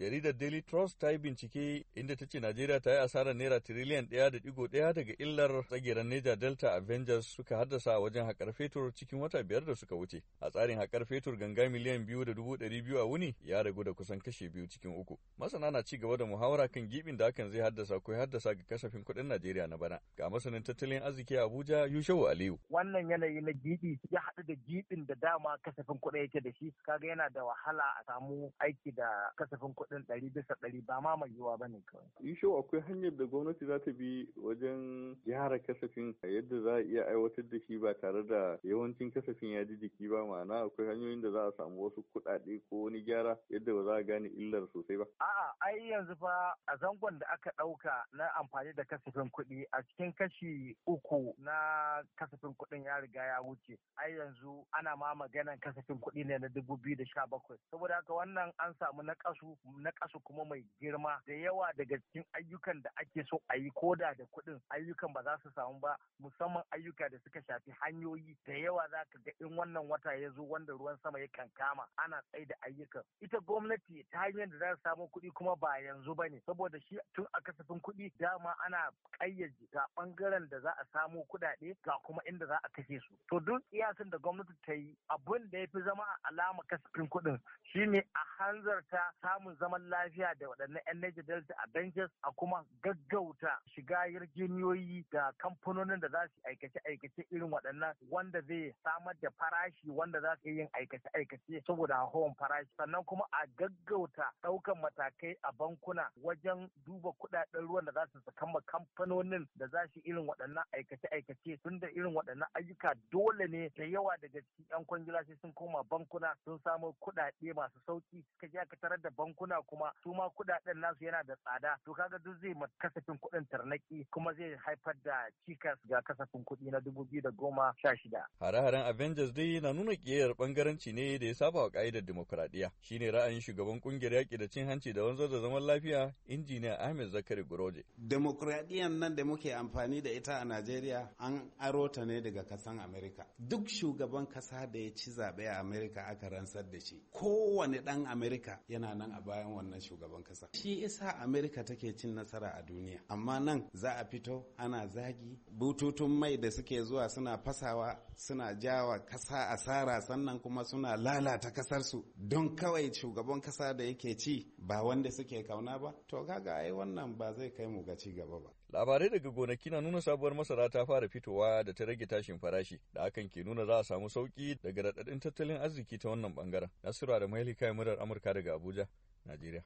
Jaridar Daily Trust ta yi bincike inda ta ce Najeriya ta yi asarar naira tiriliyan ɗaya da ɗigo ɗaya daga illar tsageren Neja Delta Avengers suka haddasa a wajen haƙar fetur cikin wata biyar da suka wuce. A tsarin haƙar fetur ganga miliyan biyu da dubu ɗari biyu a wuni ya ragu da kusan kashe biyu cikin uku. Masana na ci gaba da muhawara kan gibin da hakan zai haddasa ko haddasa ga kasafin kuɗin Najeriya na bana. Ga masanin tattalin arziki Abuja Yushewu Aliyu. Wannan yanayi na gibi ya haɗu da gibin da dama kasafin kuɗi yake da shi kaga yana da wahala a samu aiki da kasafin kuɗi kuɗin ɗari bisa ɗari ba ma mai yiwuwa ba ne kawai. Yusho akwai hanyar da gwamnati za ta bi wajen gyara kasafin a yadda za a iya aiwatar da shi ba tare da yawancin kasafin ya ji jiki ba ma'ana akwai hanyoyin da za a samu wasu kuɗaɗe ko wani gyara yadda ba za a gane illar sosai ba. A'a ai yanzu fa a zangon da aka ɗauka na amfani da kasafin kuɗi a cikin kashi uku na kasafin kuɗin ya riga ya wuce ai yanzu ana ma maganan kasafin kuɗi ne na dubu biyu da sha bakwai saboda haka wannan an samu na kasu na ƙasa kuma mai girma da yawa daga cikin ayyukan da ake so a yi koda da kuɗin ayyukan ba za su samu ba musamman ayyuka da suka shafi hanyoyi da yawa za ka ga in wannan wata ya zo wanda ruwan sama ya kankama ana tsaye da ayyukan ita gwamnati ta hanyar da za su samu kuɗi kuma ba yanzu ba ne saboda shi tun a kasafin kuɗi dama ana ƙayyaji ga ɓangaren da za a samu kuɗaɗe ga kuma inda za a kashe su to duk kiyasin da gwamnati ta yi abin da ya fi zama alama kasafin kuɗin shine a hanzarta samun zaman lafiya da waɗannan 'yan Niger Delta a a kuma gaggauta shiga jiniyoyi da kamfanonin da za su aikace-aikace irin waɗannan wanda zai samar da farashi wanda za su yin aikace-aikace saboda hawan farashi sannan kuma a gaggauta ɗaukan matakai a bankuna wajen duba kuɗaɗen ruwan da za su ma kamfanonin da za su irin waɗannan aikace-aikace tun da irin waɗannan ayyuka dole ne da yawa daga cikin 'yan kwangila sai sun koma bankuna sun samo kuɗaɗe masu sauki suka je aka tarar da bankuna bankuna kuma su ma kuɗaɗen nasu yana da tsada to kaga duk zai ma kasafin kuɗin tarnaki kuma zai haifar da cikas ga kasafin kuɗi na dubu biyu da goma sha shida. Hare-haren Avengers dai na nuna ƙiyayyar bangaranci ne da ya saba wa ƙa'idar dimokuraɗiyya. Shi ne ra'ayin shugaban ƙungiyar yaƙi da cin hanci da wanzar da zaman lafiya injiniya Ahmed Zakari Guroje. Demokuraɗiyyar nan da muke amfani da ita a Najeriya an aro ta ne daga kasan Amerika. Duk shugaban kasa da ya ci zaɓe a Amerika aka rantsar da shi. Kowane ɗan Amerika yana nan a baya bayan wannan shugaban kasa shi isa amerika take cin nasara a duniya amma nan za a fito ana zagi bututun mai da suke zuwa suna fasawa suna jawa kasa asara sannan kuma suna lalata kasarsu don kawai shugaban kasa da yake ci ba wanda suke kauna ba to kaga ai wannan ba zai kai mu ga ci gaba ba labarai daga gonaki na nuna sabuwar masara ta fara fitowa da ta rage tashin farashi da hakan ke nuna za a samu sauki daga raɗaɗin tattalin arziki ta wannan bangaren nasura da mailika murar amurka daga abuja Nigeria